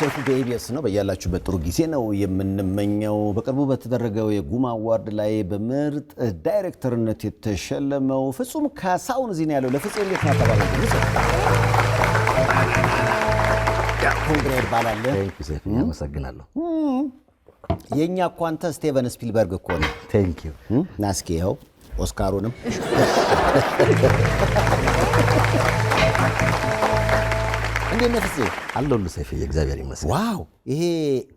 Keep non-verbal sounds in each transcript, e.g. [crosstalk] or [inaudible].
ሰይፉ በኢቢኤስ ነው። በያላችሁበት ጥሩ ጊዜ ነው የምንመኘው። በቅርቡ በተደረገው የጉማ አዋርድ ላይ በምርጥ ዳይሬክተርነት የተሸለመው ፍጹም ካሳሁን እዚህ ነው ያለው። ለፍጹም እንዴት ነው አባባል? ኮንግሬ ይባላል። አመሰግናለሁ። የእኛ እኮ አንተ ስቴቨን ስፒልበርግ እኮ ነው። ቴንክ ናስኪ። ይኸው ኦስካሩንም እንዴት ነህ ፍፄ? አለሁልህ ሰይፍዬ፣ እግዚአብሔር ይመስገን። ዋው ይሄ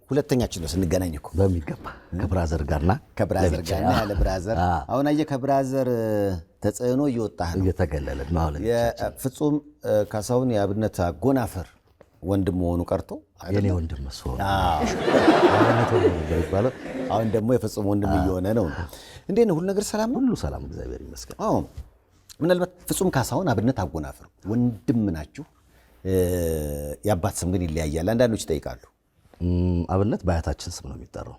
ሁለተኛችን ነው ስንገናኝ እኮ በሚገባ ከብራዘር ጋርና ከብራዘር ጋርና ያለ ብራዘር። አሁን አየህ ከብራዘር ተጽዕኖ እየወጣህ ነው፣ እየተገለለ ማለት ፍጹም ካሳሁን የአብነት አጎናፍር ወንድም መሆኑ ቀርቶ የኔ ወንድም እሱ ሆነ። አሁን ደግሞ የፍጹም ወንድም እየሆነ ነው። እንዴት ነው ሁሉ ነገር ሰላም ሁሉ ሰላም፣ እግዚአብሔር ይመስገን። ምናልባት ፍጹም ካሳሁን አብነት አጎናፍር ወንድም ናችሁ የአባት ስም ግን ይለያያል። አንዳንዶች ይጠይቃሉ። አብነት በአያታችን ስም ነው የሚጠራው።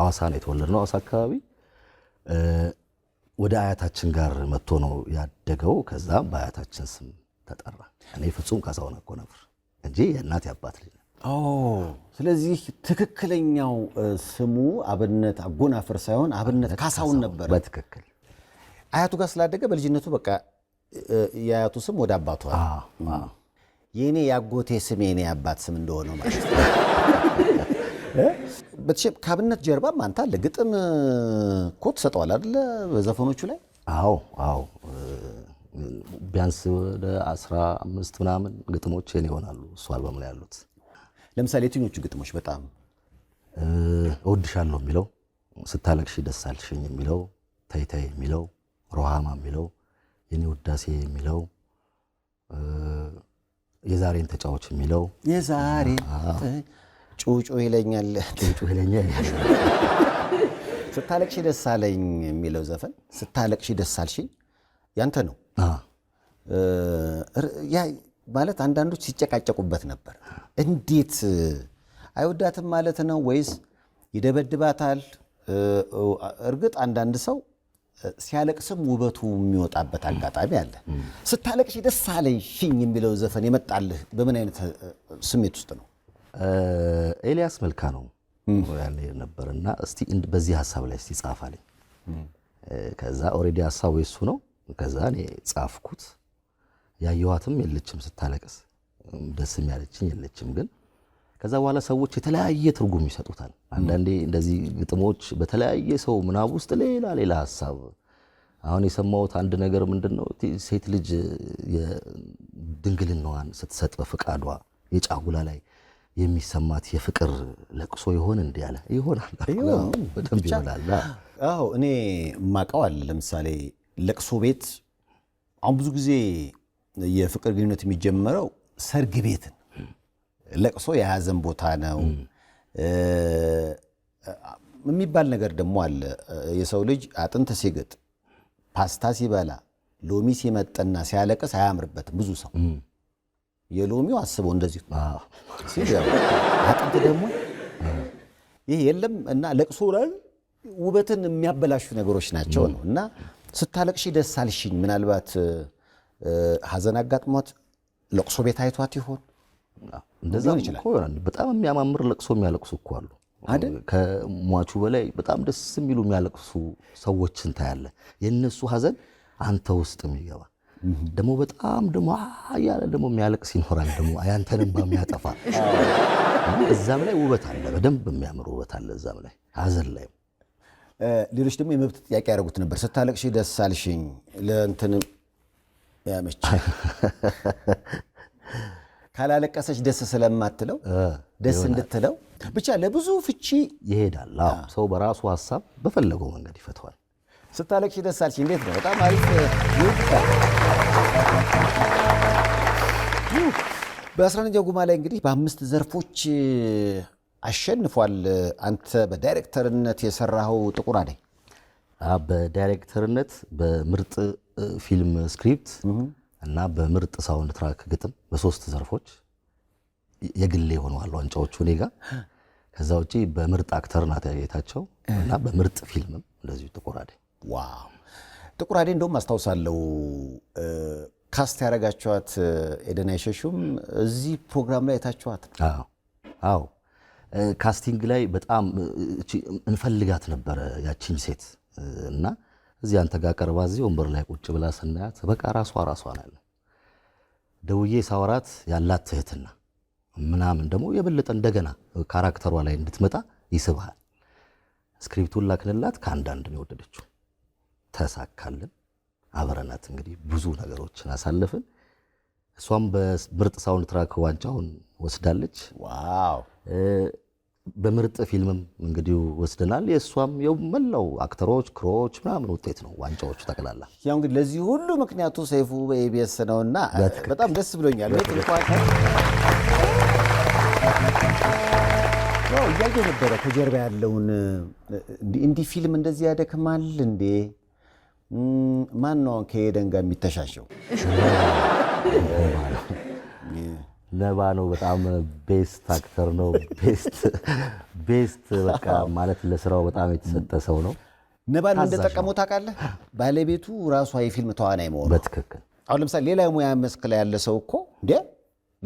አዋሳ ነው የተወለድነው፣ አዋሳ አካባቢ ወደ አያታችን ጋር መጥቶ ነው ያደገው። ከዛም በአያታችን ስም ተጠራ። እኔ ፍጹም ካሳሁን ነበር እንጂ የእናት የአባት ልጅ። ስለዚህ ትክክለኛው ስሙ አብነት አጎናፍር ሳይሆን አብነት ካሳሁን ነበር። በትክክል አያቱ ጋር ስላደገ በልጅነቱ በቃ የአያቱ ስም ወደ አባቷ የእኔ ያጎቴ ስም የኔ አባት ስም እንደሆነ ማለት ነው። ከአብነት ጀርባም አንተ አለ ግጥም እኮ ትሰጠዋል አይደለ? በዘፈኖቹ ላይ አዎ፣ አዎ ቢያንስ ወደ አስራ አምስት ምናምን ግጥሞች የኔ ይሆናሉ። እሱ አልበም ላይ ያሉት ለምሳሌ የትኞቹ ግጥሞች በጣም እወድሻለሁ የሚለው ስታለቅሽ ደስ አልሽኝ የሚለው ታይታይ የሚለው ሮሃማ የሚለው የኔ ውዳሴ የሚለው የዛሬን ተጫዋች የሚለው የዛሬ ጩጩ ይለኛል ጩጩ ይለኛል ስታለቅሺ ደስ አለኝ የሚለው ዘፈን ስታለቅሺ ደስ አልሽኝ ያንተ ነው ያ ማለት አንዳንዶች ሲጨቃጨቁበት ነበር። እንዴት አይወዳትም ማለት ነው ወይስ ይደበድባታል? እርግጥ አንዳንድ ሰው ሲያለቅስም ውበቱ የሚወጣበት አጋጣሚ አለ። ስታለቅሽ ደስ አለኝ ሽኝ የሚለው ዘፈን የመጣልህ በምን አይነት ስሜት ውስጥ ነው? ኤልያስ መልካ ነው ያለ ነበር እና እስቲ በዚህ ሀሳብ ላይ እስቲ ጻፍ ከዛ ኦልሬዲ ሀሳቡ የሱ ነው። ከዛ እኔ ጻፍኩት። ያየኋትም የለችም ስታለቅስ፣ ደስ የሚያለችኝ የለችም ግን ከዛ በኋላ ሰዎች የተለያየ ትርጉም ይሰጡታል። አንዳንዴ እንደዚህ ግጥሞች በተለያየ ሰው ምናብ ውስጥ ሌላ ሌላ ሀሳብ አሁን የሰማሁት አንድ ነገር ምንድን ነው፣ ሴት ልጅ ድንግልናዋን ስትሰጥ በፍቃዷ የጫጉላ ላይ የሚሰማት የፍቅር ለቅሶ ይሆን እንዲ ያለ ይሆናል። በደንብ ይሆናል። አዎ እኔ ማቀው አለ። ለምሳሌ ለቅሶ ቤት አሁን ብዙ ጊዜ የፍቅር ግንኙነት የሚጀመረው ሰርግ ቤት ለቅሶ የሀዘን ቦታ ነው የሚባል ነገር ደግሞ አለ። የሰው ልጅ አጥንት ሲግጥ፣ ፓስታ ሲበላ፣ ሎሚ ሲመጥና ሲያለቅስ አያምርበትም። ብዙ ሰው የሎሚው አስበው እንደዚህ አጥንት ደግሞ ይህ የለም እና ለቅሶ ላይ ውበትን የሚያበላሹ ነገሮች ናቸው ነው እና ስታለቅሽ ደስ አልሽኝ። ምናልባት ሀዘን አጋጥሟት ለቅሶ ቤት አይቷት ይሆን እንደዛ ይችላል። በጣም የሚያማምር ለቅሶ የሚያለቅሱ እኮ አሉ አይደል? ከሟቹ በላይ በጣም ደስ የሚሉ የሚያለቅሱ ሰዎችን ታያለ። የእነሱ ሀዘን አንተ ውስጥ የሚገባ ደግሞ በጣም ደግሞ እያለ ደግሞ የሚያለቅስ ይኖራል። ደግሞ ያንተንም በሚያጠፋ እዛም ላይ ውበት አለ። በደንብ የሚያምር ውበት አለ እዛም ላይ ሀዘን ላይ ሌሎች ደግሞ የመብት ጥያቄ ያደረጉት ነበር። ስታለቅሽ ደስ አልሽኝ ለእንትን ያመች [laughs] ካላለቀሰች ደስ ስለማትለው ደስ እንድትለው ብቻ ለብዙ ፍቺ ይሄዳል። ሰው በራሱ ሀሳብ በፈለገው መንገድ ይፈተዋል። ስታለቅሽ ደስ አልሽ እንዴት ነው? በጣም አሪፍ። ኛው ጉማ ላይ እንግዲህ በአምስት ዘርፎች አሸንፏል። አንተ በዳይሬክተርነት የሰራኸው ጥቁር አደይ በዳይሬክተርነት በምርጥ ፊልም ስክሪፕት እና በምርጥ ሳውንድ ትራክ ግጥም በሶስት ዘርፎች የግሌ ሆነዋል ዋንጫዎቹ እኔ ጋር። ከዛ ውጪ በምርጥ አክተር ናት ያጌታቸው እና በምርጥ ፊልምም እንደዚሁ ጥቁር አዴ ዋው ጥቁር አዴ እንደውም አስታውሳለሁ ካስት ያደረጋችኋት ኤደን አይሸሹም እዚህ ፕሮግራም ላይ የታችኋት? አዎ ካስቲንግ ላይ በጣም እንፈልጋት ነበረ ያቺን ሴት እና እዚህ አንተ ጋር ቀርባ እዚህ ወንበር ላይ ቁጭ ብላ ስናያት በቃ ራሷ ራሷ ናለ። ደውዬ ሳወራት ያላት ትህትና ምናምን ደግሞ የበለጠ እንደገና ካራክተሯ ላይ እንድትመጣ ይስብሃል። ስክሪፕቱን ላክንላት። ከአንዳንድ ነው የወደደችው። ተሳካልን። አብረናት እንግዲህ ብዙ ነገሮችን አሳለፍን። እሷም በምርጥ ሳውንድ ትራክ ዋንጫውን ወስዳለች። ዋው በምርጥ ፊልምም እንግዲህ ወስደናል። የእሷም የመላው አክተሮች ክሮች ምናምን ውጤት ነው ዋንጫዎቹ ጠቅላላ። ያው እንግዲህ ለዚህ ሁሉ ምክንያቱ ሰይፉ ነው እና በጣም ደስ ብሎኛል። እያየ ነበረ ከጀርባ ያለውን እንዲህ ፊልም እንደዚህ ያደክማል እንዴ? ማን ነው ከሄደን ጋር የሚተሻሸው? ነባ ነው። በጣም ቤስት አክተር ነው። ቤስት በቃ ማለት ለስራው በጣም የተሰጠ ሰው ነው። ነባን እንደጠቀመው ታውቃለህ። ባለቤቱ ራሷ የፊልም ተዋናይ መሆኑ በትክክል አሁን ለምሳሌ ሌላ ሙያ መስክ ላይ ያለ ሰው እኮ እንደ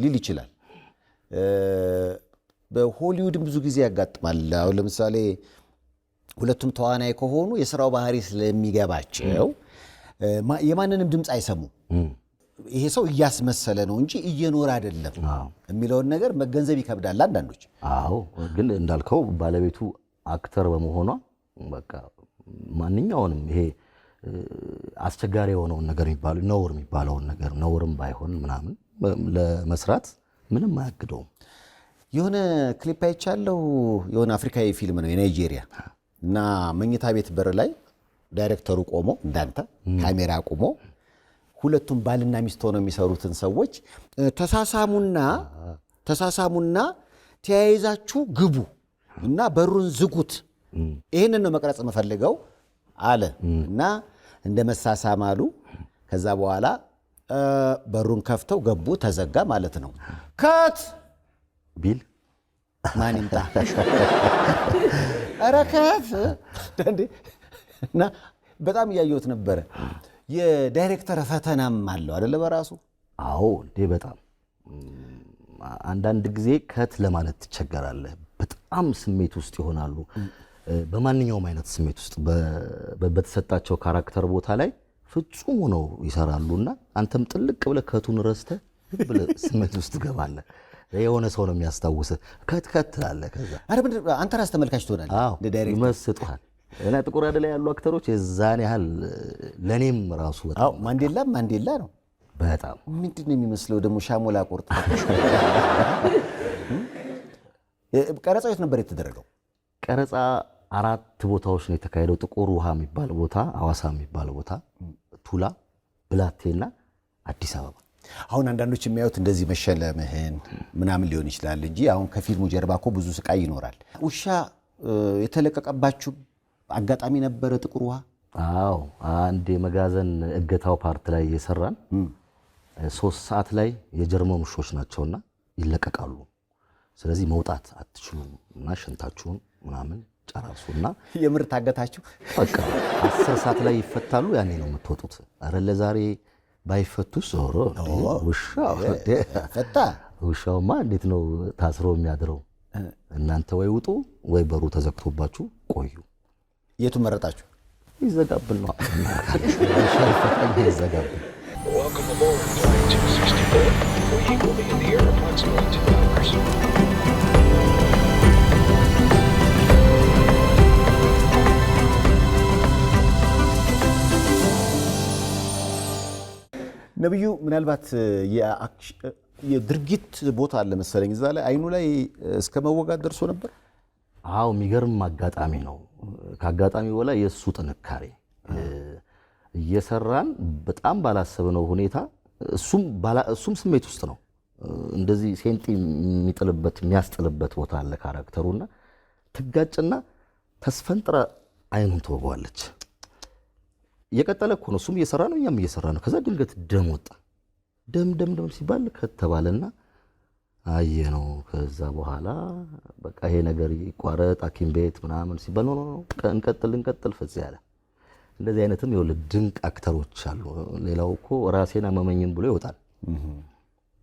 ሊል ይችላል። በሆሊውድም ብዙ ጊዜ ያጋጥማል። አሁን ለምሳሌ ሁለቱም ተዋናይ ከሆኑ የስራው ባህሪ ስለሚገባቸው የማንንም ድምፅ አይሰሙም። ይሄ ሰው እያስመሰለ ነው እንጂ እየኖረ አይደለም የሚለውን ነገር መገንዘብ ይከብዳል አንዳንዶች። አዎ፣ ግን እንዳልከው ባለቤቱ አክተር በመሆኗ በቃ ማንኛውንም ይሄ አስቸጋሪ የሆነውን ነገር የሚባለው ነውር የሚባለውን ነገር ነውርም ባይሆን ምናምን ለመስራት ምንም አያግደውም። የሆነ ክሊፕ አይቻለሁ። የሆነ አፍሪካዊ ፊልም ነው የናይጄሪያ እና መኝታ ቤት በር ላይ ዳይሬክተሩ ቆሞ እንዳንተ ካሜራ ቆሞ ሁለቱም ባልና ሚስት ሆነው የሚሰሩትን ሰዎች ተሳሳሙና ተሳሳሙና ተያይዛችሁ ግቡ እና በሩን ዝጉት። ይህንን ነው መቅረጽ የምፈልገው አለ እና እንደ መሳሳም አሉ። ከዛ በኋላ በሩን ከፍተው ገቡ። ተዘጋ ማለት ነው። ከት ቢል ማን ይምጣ? ኧረ ከት እና በጣም እያየሁት ነበረ የዳይሬክተር ፈተናም አለው አደለ? በራሱ አዎ፣ እንዴ በጣም አንዳንድ ጊዜ ከት ለማለት ትቸገራለህ። በጣም ስሜት ውስጥ ይሆናሉ። በማንኛውም አይነት ስሜት ውስጥ በተሰጣቸው ካራክተር ቦታ ላይ ፍጹም ሆነው ይሰራሉ እና አንተም ጥልቅ ብለህ ከቱን ረስተህ ብለህ ስሜት ውስጥ ትገባለህ። የሆነ ሰው ነው የሚያስታውስህ። ከት ከት ትላለህ። ከዛ አንተ ራስህ ተመልካች ትሆናለህ። ይመስጥሃል እና ጥቁር አደ ላይ ያሉ አክተሮች የዛን ያህል ለእኔም ራሱ ማንዴላ ማንዴላ ነው። በጣም ምንድን ነው የሚመስለው ደግሞ ሻሞላ ቁርጥ። ቀረጻ የት ነበር የተደረገው? ቀረጻ አራት ቦታዎች ነው የተካሄደው። ጥቁር ውሃ የሚባል ቦታ፣ አዋሳ የሚባል ቦታ፣ ቱላ፣ ብላቴና አዲስ አበባ። አሁን አንዳንዶች የሚያዩት እንደዚህ መሸለምህን ምናምን ሊሆን ይችላል እንጂ አሁን ከፊልሙ ጀርባ እኮ ብዙ ስቃይ ይኖራል። ውሻ የተለቀቀባችሁ አጋጣሚ ነበረ ጥቁር ውሃ? አዎ፣ አንድ የመጋዘን እገታው ፓርት ላይ እየሰራን ሶስት ሰዓት ላይ የጀርመን ውሾች ናቸውና ይለቀቃሉ። ስለዚህ መውጣት አትችሉም እና ሽንታችሁን ምናምን ጨራርሱና የምር ታገታችሁ በቃ አስር ሰዓት ላይ ይፈታሉ። ያኔ ነው የምትወጡት። ኧረ ለዛሬ ባይፈቱ ዞሮ ውሻውማ እንዴት ነው ታስሮ የሚያድረው? እናንተ ወይ ውጡ ወይ በሩ ተዘግቶባችሁ ቆዩ። የቱ መረጣችሁ? ይዘጋብል ነው ነቢዩ ነብዩ ምናልባት የድርጊት ቦታ አለ መሰለኝ እዛ ላይ አይኑ ላይ እስከ መወጋት ደርሶ ነበር። አዎ የሚገርም አጋጣሚ ነው። ከአጋጣሚ በላይ የእሱ ጥንካሬ እየሰራን በጣም ባላሰብነው ሁኔታ እሱም ስሜት ውስጥ ነው። እንደዚህ ሴንጢ የሚጥልበት የሚያስጥልበት ቦታ አለ ካራክተሩና ትጋጭና ተስፈንጥራ አይኑን ትወገዋለች። የቀጠለ እኮ ነው እሱም እየሰራ ነው እኛም እየሰራ ነው። ከዛ ድንገት ደም ወጣ። ደም ደም ደም ሲባል ከተባለና አየ ነው ከዛ በኋላ በቃ ይሄ ነገር ይቋረጥ ሐኪም ቤት ምናምን ሲባል ኖ እንቀጥል እንቀጥል ፈጽ ያለ እንደዚህ አይነትም የወለ ድንቅ አክተሮች አሉ። ሌላው እኮ ራሴን አመመኝም ብሎ ይወጣል።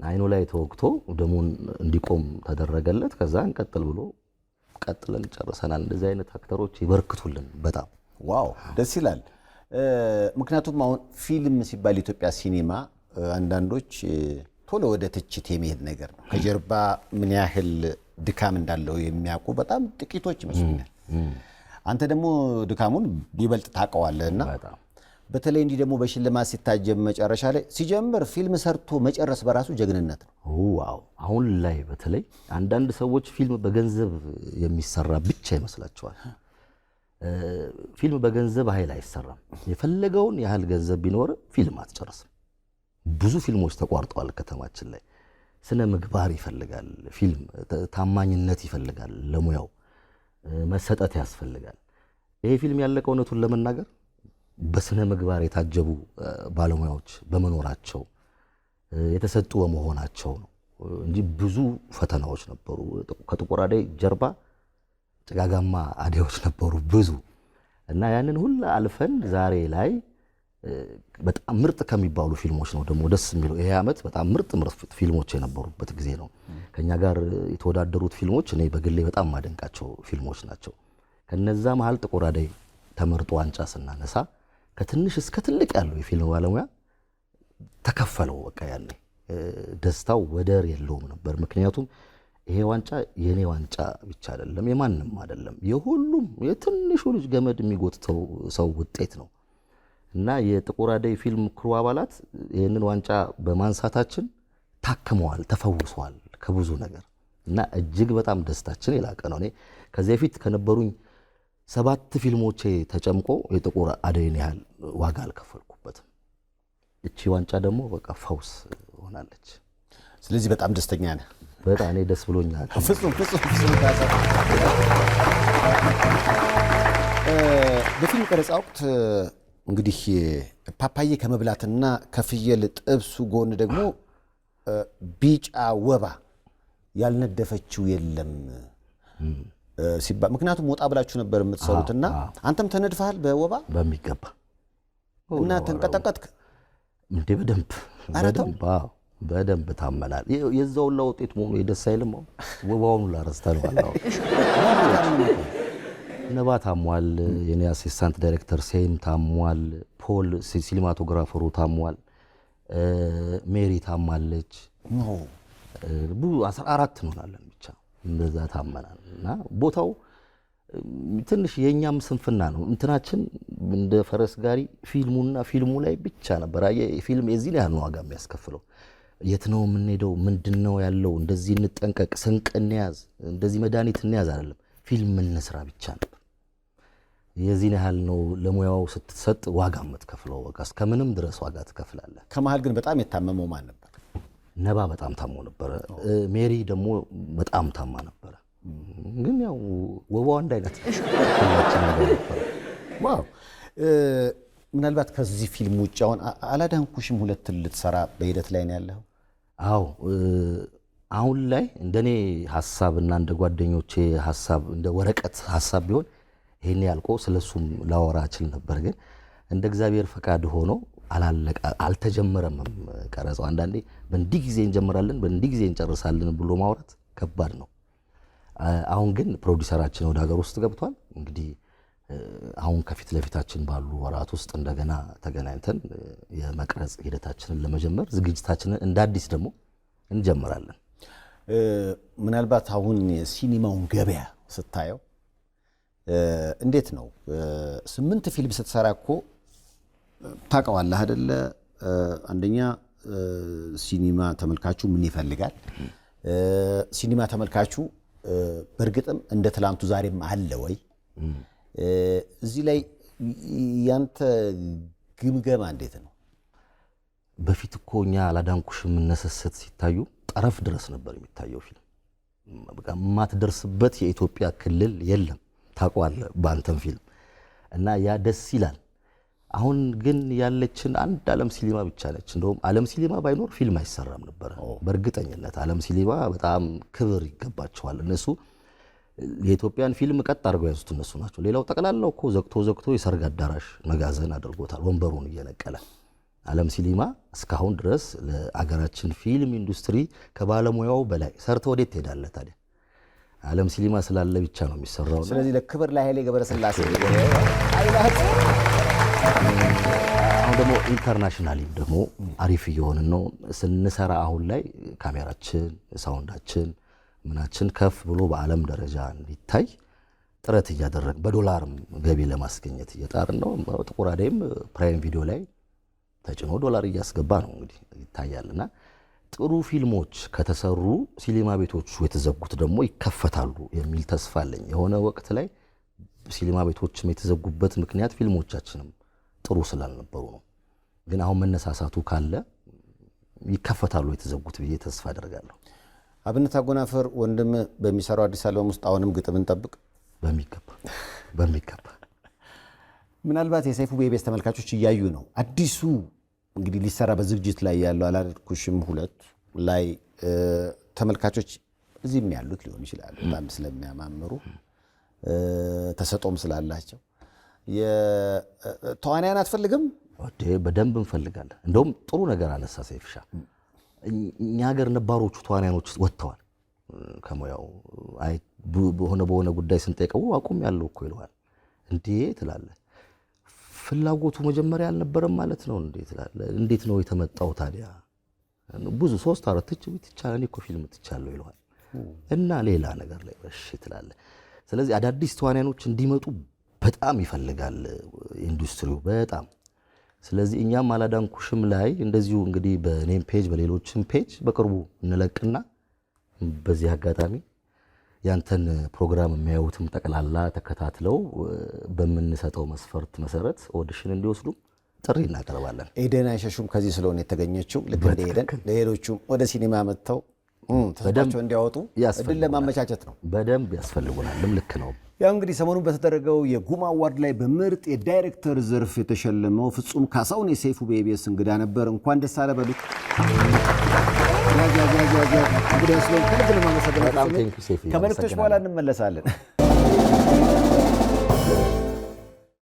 አይኑ ላይ ተወግቶ ደሙን እንዲቆም ተደረገለት። ከዛ እንቀጥል ብሎ ቀጥለን ጨርሰናል። እንደዚህ አይነት አክተሮች ይበርክቱልን። በጣም ዋው ደስ ይላል። ምክንያቱም አሁን ፊልም ሲባል ኢትዮጵያ ሲኒማ አንዳንዶች ቶሎ ወደ ትችት የሚሄድ ነገር ነው። ከጀርባ ምን ያህል ድካም እንዳለው የሚያውቁ በጣም ጥቂቶች ይመስሉኛል። አንተ ደግሞ ድካሙን ይበልጥ ታውቀዋለህ እና በተለይ እንዲህ ደግሞ በሽልማት ሲታጀብ መጨረሻ ላይ ሲጀምር ፊልም ሰርቶ መጨረስ በራሱ ጀግንነት ነው። አሁን ላይ በተለይ አንዳንድ ሰዎች ፊልም በገንዘብ የሚሰራ ብቻ ይመስላቸዋል። ፊልም በገንዘብ ኃይል አይሰራም። የፈለገውን ያህል ገንዘብ ቢኖር ፊልም አትጨርስም። ብዙ ፊልሞች ተቋርጠዋል። ከተማችን ላይ ስነ ምግባር ይፈልጋል፣ ፊልም ታማኝነት ይፈልጋል፣ ለሙያው መሰጠት ያስፈልጋል። ይሄ ፊልም ያለቀው እውነቱን ለመናገር በስነ ምግባር የታጀቡ ባለሙያዎች በመኖራቸው የተሰጡ በመሆናቸው ነው እንጂ ብዙ ፈተናዎች ነበሩ። ከጥቁር አደይ ጀርባ ጭጋጋማ አዴዎች ነበሩ ብዙ እና ያንን ሁላ አልፈን ዛሬ ላይ በጣም ምርጥ ከሚባሉ ፊልሞች ነው ደግሞ ደስ የሚለው። ይሄ ዓመት በጣም ምርጥ ምርጥ ፊልሞች የነበሩበት ጊዜ ነው። ከኛ ጋር የተወዳደሩት ፊልሞች እኔ በግሌ በጣም ማደንቃቸው ፊልሞች ናቸው። ከነዛ መሀል ጥቁር አደይ ተመርጦ ዋንጫ ስናነሳ ከትንሽ እስከ ትልቅ ያለው የፊልም ባለሙያ ተከፈለው። በቃ ያለ ደስታው ወደር የለውም ነበር። ምክንያቱም ይሄ ዋንጫ የእኔ ዋንጫ ብቻ አይደለም፣ የማንም አይደለም፣ የሁሉም የትንሹ ልጅ ገመድ የሚጎትተው ሰው ውጤት ነው። እና የጥቁር አደይ ፊልም ክሩ አባላት ይህንን ዋንጫ በማንሳታችን ታክመዋል፣ ተፈውሰዋል ከብዙ ነገር እና እጅግ በጣም ደስታችን የላቀ ነው። እኔ ከዚህ በፊት ከነበሩኝ ሰባት ፊልሞቼ ተጨምቆ የጥቁር አደይን ያህል ዋጋ አልከፈልኩበትም። እቺ ዋንጫ ደግሞ በቃ ፈውስ ሆናለች። ስለዚህ በጣም ደስተኛ ነህ? በጣም እኔ ደስ ብሎኛል። ፍጹም ፍጹም ፍጹም። በፊልም ቀረጻ ወቅት እንግዲህ ፓፓዬ ከመብላትና ከፍየል ጥብሱ ጎን ደግሞ ቢጫ ወባ ያልነደፈችው የለም ሲባል ምክንያቱም ወጣ ብላችሁ ነበር የምትሰሩትና አንተም ተነድፈሃል በወባ በሚገባ እና ተንቀጠቀጥክ እንዴ? በደንብ በደንብ በደንብ ታመናል። የዛውን ለውጤት መሆኑ የደስ አይልም። ወባውን ላረስተነዋል [laughs] ነባ ታሟል። የኔ አሲስታንት ዳይሬክተር ሴም ታሟል። ፖል ሲኒማቶግራፈሩ ታሟል። ሜሪ ታማለች። አስራ አራት እንሆናለን ብቻ እንደዛ ታመናል። እና ቦታው ትንሽ የእኛም ስንፍና ነው። እንትናችን እንደ ፈረስ ጋሪ ፊልሙና ፊልሙ ላይ ብቻ ነበር። ፊልም የዚህን ያህል ነው ዋጋ የሚያስከፍለው። የት ነው የምንሄደው? ምንድን ነው ያለው? እንደዚህ እንጠንቀቅ፣ ስንቅ እንያዝ፣ እንደዚህ መድኃኒት እንያዝ አይደለም። ፊልም እንስራ ብቻ ነው? የዚህን ያህል ነው ለሙያው ስትሰጥ ዋጋ የምትከፍለው። በቃ እስከምንም ድረስ ዋጋ ትከፍላለህ። ከመሀል ግን በጣም የታመመው ማን ነበር? ነባ በጣም ታሞ ነበረ። ሜሪ ደግሞ በጣም ታማ ነበረ። ግን ያው ወባው አንድ አይነት ዋው። ምናልባት ከዚህ ፊልም ውጭ አሁን አላዳንኩሽም ሁለት ልትሰራ በሂደት ላይ ነው ያለው? አዎ አሁን ላይ እንደኔ ሀሳብ እና እንደ ጓደኞቼ ሀሳብ እንደ ወረቀት ሀሳብ ቢሆን ይህን ያልቆ ስለሱም ላወራ እችል ነበር፣ ግን እንደ እግዚአብሔር ፈቃድ ሆኖ አልተጀመረም ቀረጸው። አንዳንዴ በእንዲህ ጊዜ እንጀምራለን በእንዲህ ጊዜ እንጨርሳለን ብሎ ማውራት ከባድ ነው። አሁን ግን ፕሮዲሰራችን ወደ ሀገር ውስጥ ገብቷል። እንግዲህ አሁን ከፊት ለፊታችን ባሉ ወራት ውስጥ እንደገና ተገናኝተን የመቅረጽ ሂደታችንን ለመጀመር ዝግጅታችንን እንደ አዲስ ደግሞ እንጀምራለን። ምናልባት አሁን የሲኒማውን ገበያ ስታየው እንዴት ነው ስምንት ፊልም ስትሰራ እኮ ታውቀዋለህ አደለ? አንደኛ ሲኒማ ተመልካቹ ምን ይፈልጋል? ሲኒማ ተመልካቹ በእርግጥም እንደ ትላንቱ ዛሬም አለ ወይ? እዚህ ላይ ያንተ ግምገማ እንዴት ነው? በፊት እኮ እኛ አላዳንኩሽ የምነሰሰት ሲታዩ ጠረፍ ድረስ ነበር የሚታየው ፊልም። በቃ የማትደርስበት የኢትዮጵያ ክልል የለም። ታቋል በአንተም ፊልም እና ያ ደስ ይላል። አሁን ግን ያለችን አንድ አለም ሲኒማ ብቻ ነች። እንደውም አለም ሲኒማ ባይኖር ፊልም አይሰራም ነበረ በእርግጠኝነት። አለም ሲኒማ በጣም ክብር ይገባቸዋል። እነሱ የኢትዮጵያን ፊልም ቀጥ አድርገው ያዙት እነሱ ናቸው። ሌላው ጠቅላላው እኮ ዘግቶ ዘግቶ የሰርግ አዳራሽ መጋዘን አድርጎታል፣ ወንበሩን እየነቀለ አለም ሲኒማ እስካሁን ድረስ ለአገራችን ፊልም ኢንዱስትሪ ከባለሙያው በላይ ሰርተ ወዴት ትሄዳለህ ታዲያ? አለም ሲኒማ ስላለ ብቻ ነው የሚሰራው። ስለዚህ ለክብር ለኃይሌ ገብረስላሴ አሁን ደግሞ ኢንተርናሽናሊ ደግሞ አሪፍ እየሆንን ነው ስንሰራ። አሁን ላይ ካሜራችን፣ ሳውንዳችን፣ ምናችን ከፍ ብሎ በአለም ደረጃ እንዲታይ ጥረት እያደረግን በዶላርም ገቢ ለማስገኘት እየጣርን ነው። ጥቁር አደይም ፕራይም ቪዲዮ ላይ ተጭኖ ዶላር እያስገባ ነው እንግዲህ ይታያልና ጥሩ ፊልሞች ከተሰሩ ሲኒማ ቤቶቹ የተዘጉት ደግሞ ይከፈታሉ የሚል ተስፋ አለኝ። የሆነ ወቅት ላይ ሲኒማ ቤቶችም የተዘጉበት ምክንያት ፊልሞቻችንም ጥሩ ስላልነበሩ ነው። ግን አሁን መነሳሳቱ ካለ ይከፈታሉ የተዘጉት ብዬ ተስፋ አደርጋለሁ። አብነት አጎናፍር ወንድም በሚሰራው አዲስ አልበም ውስጥ አሁንም ግጥም እንጠብቅ። በሚገባ በሚገባ ምናልባት የሰይፉ ቤቤስ ተመልካቾች እያዩ ነው አዲሱ እንግዲህ ሊሰራ በዝግጅት ላይ ያለው አላደርኩሽም ሁለት ላይ ተመልካቾች እዚህም ያሉት ሊሆን ይችላሉ። በጣም ስለሚያማምሩ ተሰጦም ስላላቸው ተዋንያን አትፈልግም? በደንብ እንፈልጋለን። እንደውም ጥሩ ነገር አነሳ ሰይፍሻ። እኛ ሀገር ነባሮቹ ተዋንያኖች ወጥተዋል ከሙያው። በሆነ በሆነ ጉዳይ ስንጠይቀው አቁም ያለው እኮ ይለዋል። እንዴ ትላለህ ፍላጎቱ መጀመሪያ አልነበረም ማለት ነው። እንዴት ነው የተመጣው ታዲያ? ብዙ ሶስት አራት ትች ትቻለ እኔ እኮ ፊልም ትቻለሁ ይለዋል እና ሌላ ነገር ላይ እሺ ትላለ። ስለዚህ አዳዲስ ተዋንያኖች እንዲመጡ በጣም ይፈልጋል ኢንዱስትሪው በጣም ስለዚህ እኛም አላዳንኩሽም ላይ እንደዚሁ እንግዲህ በኔም ፔጅ በሌሎችም ፔጅ በቅርቡ እንለቅና በዚህ አጋጣሚ ያንተን ፕሮግራም የሚያዩትም ጠቅላላ ተከታትለው በምንሰጠው መስፈርት መሰረት ኦዲሽን እንዲወስዱ ጥሪ እናቀርባለን። ኤደን አይሸሹም ከዚህ ስለሆነ የተገኘችው ልክ እንደ ኤደን ለሌሎቹም ወደ ሲኒማ መጥተው ተስፋቸው እንዲያወጡ እድል ለማመቻቸት ነው። በደንብ ያስፈልጉናልም። ልክ ነው። ያው እንግዲህ ሰሞኑን በተደረገው የጉማ አዋርድ ላይ በምርጥ የዳይሬክተር ዘርፍ የተሸለመው ፍጹም ካሳሁን የሰይፉ በኢቢኤስ እንግዳ ነበር። እንኳን ደስ አለ በሉት። እንግዲህ ከልብ ነው ከመልእክቶች በኋላ እንመለሳለን።